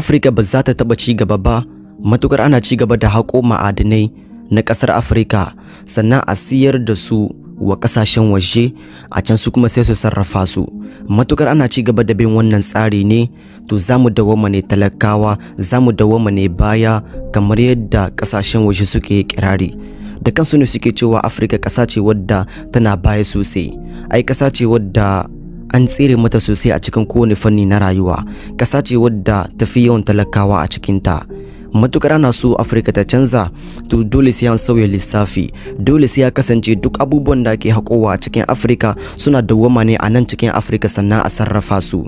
Afirka ba za ta taba ci gaba ba matukar ana ci gaba da haƙo ma'adinai na ƙasar Afrika sannan a siyar da su wa ƙasashen waje a can su kuma sai su sarrafa su matukar ana ci gaba da bin wannan tsari ne to za mu dawoma ne talakawa za mu dawoma ne baya kamar yadda ƙasashen waje suke kirari da kansu ne suke cewa Afrika ƙasa ce wadda tana baya sosai ai ƙasa ce wadda an tsere mata sosai a cikin kowane fanni na rayuwa ƙasa ce wadda tafi yawan talakawa a cikinta matukar ana so afirka ta canza to dole sai an sauya lissafi dole sai ya kasance duk abubuwan da ke haƙowa a cikin afirka suna dawwama ne a nan cikin afirka sannan a sarrafa su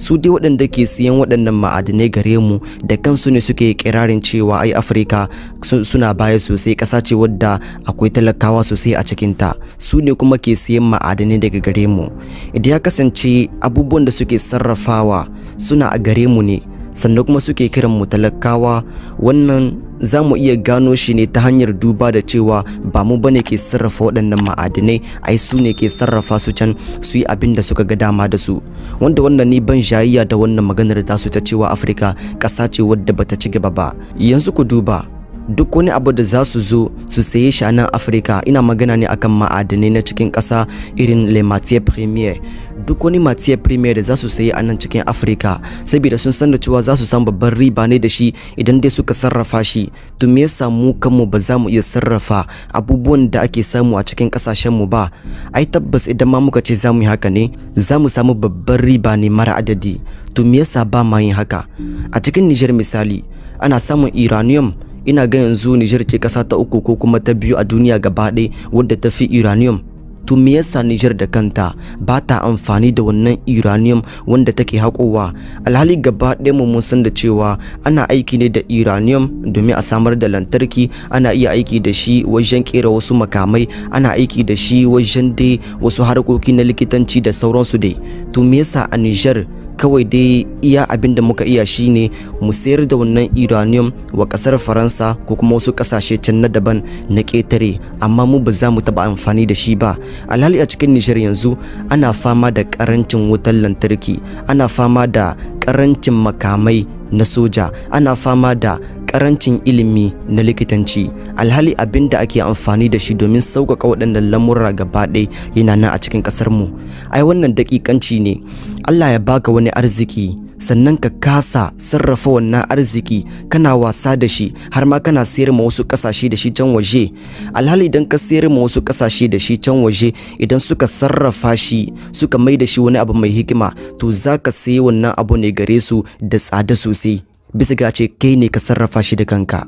su dai waɗanda ke siyan waɗannan ma'adinai gare mu da kansu ne suke kirarin cewa ai afirka suna baya sosai ƙasa ce wadda akwai talakawa sosai a cikinta su ne kuma ke siyan ma'adinai daga gare mu idan ya kasance abubuwan da suke sarrafawa suna a gare mu ne sannan kuma suke kiran mu talakawa wannan za mu iya gano shi ne ta hanyar duba da cewa ba mu bane ke sarrafa waɗannan ma'adinai ai su ne ke sarrafa su can su yi abin da suka ga dama da su wanda wannan ni ban jayayya da wannan maganar su ta cewa afirka ƙasa ce wadda bata ci gaba ba yanzu ku duba duk wani abu da za su zo su saye shi a nan afirka ina magana ne akan ma'adanai na cikin kasa irin le matier premier duk wani matier premier da za su saye a nan cikin afirka saboda sun san da cewa za su samu babban riba ne da shi idan dai suka sarrafa shi to me yasa mu kanmu ba za mu iya sarrafa abubuwan da ake samu a cikin kasashen mu ba ai tabbas idan ma muka ce za mu yi haka ne za mu samu babban riba ne mara adadi to me yasa ba ma yin haka a cikin Niger misali ana samun uranium ina ga yanzu Niger ce kasa ta uku ko kuma ta biyu a duniya gaba ɗaya wadda ta fi uranium to me yasa Niger da kanta ba ta amfani da wannan uranium wanda take haƙowa alhali gaba ɗaya mu mun san da cewa ana aiki ne da uranium domin a samar da lantarki ana iya aiki da shi wajen kera wasu makamai ana aiki da shi wajen dai wasu harkoki na likitanci da sauransu dai to me yasa a Niger kawai dai iya abin da muka iya shine mu sayar da wannan uranium wa kasar faransa ko kuma wasu kasashe can na daban na ƙetare amma mu ba za mu taba amfani da shi ba alhali a cikin nijar yanzu ana fama da ƙarancin wutar lantarki ana fama da ƙarancin makamai na soja ana fama da karancin ilimi na likitanci alhali abin da ake amfani da shi domin sauƙaƙa waɗannan lamurra gaba ɗaya yana nan a cikin mu ai wannan daƙiƙanci ne Allah ya baka wani arziki sannan ka kasa sarrafa wannan arziki kana wasa da shi har ma kana sayar ma wasu kasashe da shi can waje alhali idan ka sayar ma wasu kasashe da shi can waje idan suka sarrafa shi suka mai da shi wani abu mai hikima to za ka sayi wannan abu ne gare su da tsada sosai bisa ga ce kai ne ka sarrafa shi da kanka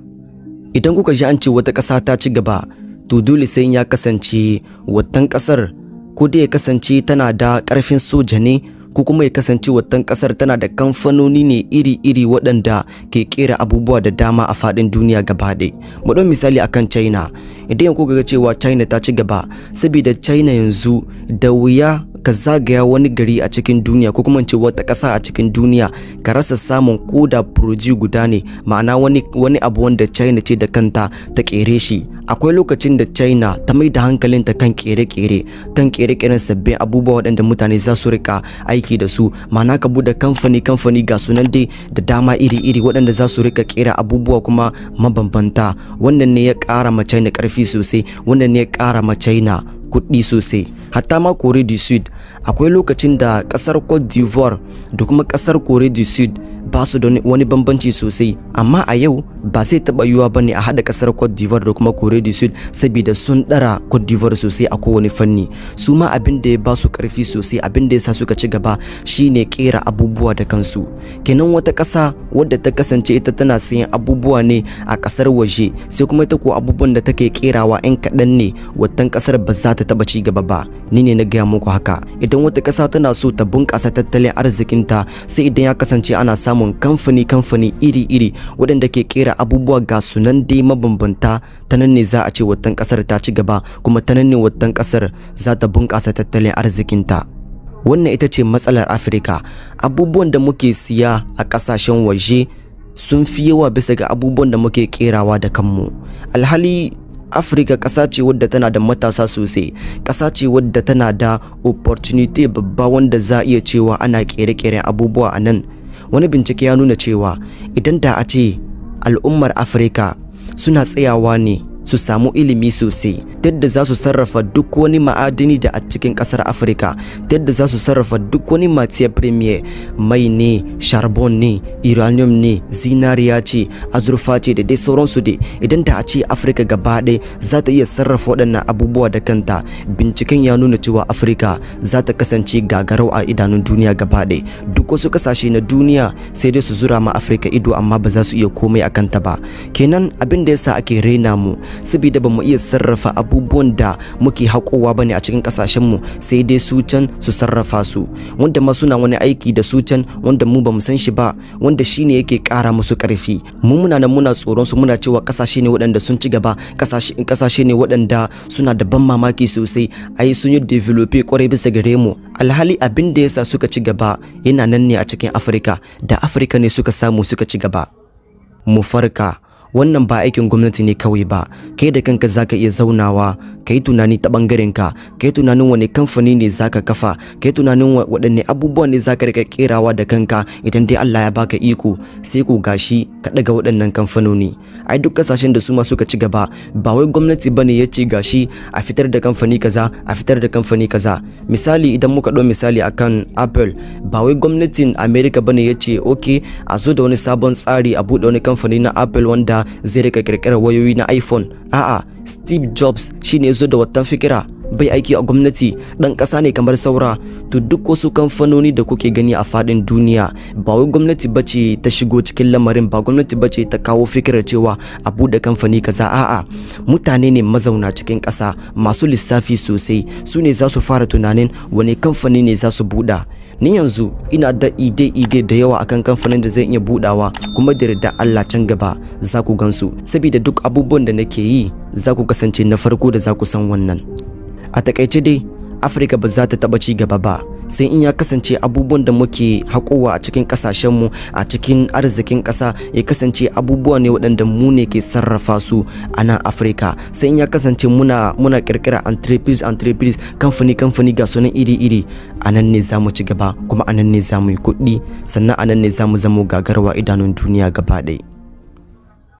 idan kuka ji an ce wata ƙasa ta ci gaba to dole sai ya kasance watan ƙasar ko dai ya kasance tana da ƙarfin soja ne ko kuma ya kasance watan ƙasar tana da kamfanoni ne iri-iri waɗanda ke ƙera abubuwa da dama a faɗin duniya gaba ɗaya mu ɗau misali akan china idan kuka ga cewa china ta ci gaba saboda china yanzu da wuya ka zagaya wani gari a cikin duniya ko kuma ce wata ƙasa a cikin duniya ka rasa samun koda proji guda ne ma'ana wani wani abu wanda China ce da kanta ta kere shi akwai lokacin da China ta mai da hankalin ta kan kere-kere kan kere kere sabbin abubuwa waɗanda mutane za su rika aiki da su ma'ana ka bude kamfani kamfani ga sunan dai da dama iri-iri waɗanda za su rika kera abubuwa kuma mabambanta wannan ne ya ƙara ma China ƙarfi sosai wannan ne ya ƙara ma China kuɗi sosai hatta ma Kore du Sud akwai lokacin da ƙasar Cote d'Ivoire da kuma kasar Kore du Sud ba su da wani bambanci sosai amma a yau ba sai taba yiwuwa ba ne a hada ƙasar Cote d'Ivoire da kuma corée du Sud saboda sun ɗara Cote d'Ivoire sosai a kowane fanni su ma abin da ya ba su ƙarfi sosai abin da ya sa suka ci gaba shine ƙera abubuwa da kansu kenan wata kasa wadda ta kasance ita tana sayan abubuwa ne a kasar waje sai kuma ita ko abubuwan da take kerawa 'yan kaɗan ne watan kasar ba za ta taba ci gaba ba ni ne na gaya muku haka idan wata kasa tana so ta bunkasa tattalin arzikinta sai idan ya kasance ana samun kamfani kamfani iri-iri waɗanda ke kera. da abubuwa ga sunan dai mabambanta ta nan ne za a ce watan kasar ta ci gaba kuma ta nan ne watan kasar za ta bunƙasa tattalin arzikinta wannan ita ce matsalar afirka abubuwan da muke siya a ƙasashen waje sun fi yawa bisa ga abubuwan da muke kerawa da kanmu alhali afirka ƙasa ce wadda tana da matasa sosai ƙasa ce wadda tana da opportunity babba wanda za a iya cewa ana kere-keren abubuwa a nan wani bincike ya nuna cewa idan da a ce al'ummar Afirka suna tsayawa ne su samu ilimi sosai yadda za su sarrafa duk wani ma'adini da a cikin kasar afirka yadda za su sarrafa duk wani matiyar premier mai ne charbon ne uranium ne zinariya ce azurfa ce da dai sauransu dai idan da a ce afirka gaba ɗaya za ta iya sarrafa waɗannan abubuwa da kanta binciken ya nuna cewa afirka za ta kasance gagarau a idanun duniya gaba ɗaya duk wasu ƙasashe na duniya sai dai su zura ma afirka ido amma ba za su iya komai a kanta ba kenan abin da yasa ake raina mu saboda bamu iya sarrafa abubuwan da muke hakowa ba ne a cikin kasashen mu sai dai su can su sarrafa su wanda ma suna wani aiki da su can wanda mu ba san shi ba wanda shine yake kara musu karfi mu muna nan muna tsoron su muna cewa ƙasashe ne waɗanda sun ci gaba ƙasashe ne waɗanda suna da ban mamaki sosai ai sun yi develop kwarai bisa gare mu alhali abin da yasa suka ci gaba yana nan ne a cikin Afirka da Afirka ne suka samu suka ci gaba mu farka wannan ba aikin gwamnati ne kawai ba kai da kanka zaka iya zaunawa kai tunani ta bangaren ka kai tunanin wani kamfani ne zaka kafa kai tunanin waɗanne abubuwa ne zaka rika kerawa da kanka idan dai Allah ya baka iko sai ku gashi ka daga waɗannan kamfanoni ai duk kasashen da su ma suka ci gaba ba wai gwamnati bane ya ce gashi a fitar da kamfani kaza a fitar da kamfani kaza misali idan muka ɗau misali akan Apple ba wai gwamnatin America bane ya ce okay a zo da wani sabon tsari a buɗe wani kamfani na Apple wanda zai rika kirkirar wayoyi na iphone a'a steve jobs shine zo da wata fikira bai aiki a gwamnati dan ƙasa ne kamar saura to duk wasu kamfanoni da kuke gani a fadin duniya ba wai gwamnati bace ta shigo cikin lamarin ba gwamnati bace ta kawo fikirar cewa a buɗe kamfani kaza a'a mutane ne mazauna cikin ƙasa masu lissafi sosai su ne za su fara tunanin wani kamfani ne za su buɗa ni yanzu ina da ide-ide da yawa akan kamfanin da zai iya budawa kuma da yarda Allah can gaba za ku gansu saboda duk abubuwan da nake yi za ku kasance na farko da za ku san wannan a takaice dai Afirka ba za ta taba ci gaba ba sai in ya kasance abubuwan da muke hakowa a cikin mu a cikin arzikin kasa ya kasance abubuwa ne waɗanda mu ne ke sarrafa su a nan afirka sai in ya kasance muna muna kirkira entrepreneurs entrepreneurs kamfani kamfani ga sunan iri iri a nan ne za mu ci gaba kuma a nan ne za mu yi kuɗi sannan a nan ne za mu zama gagarwa idanun duniya gaba ɗaya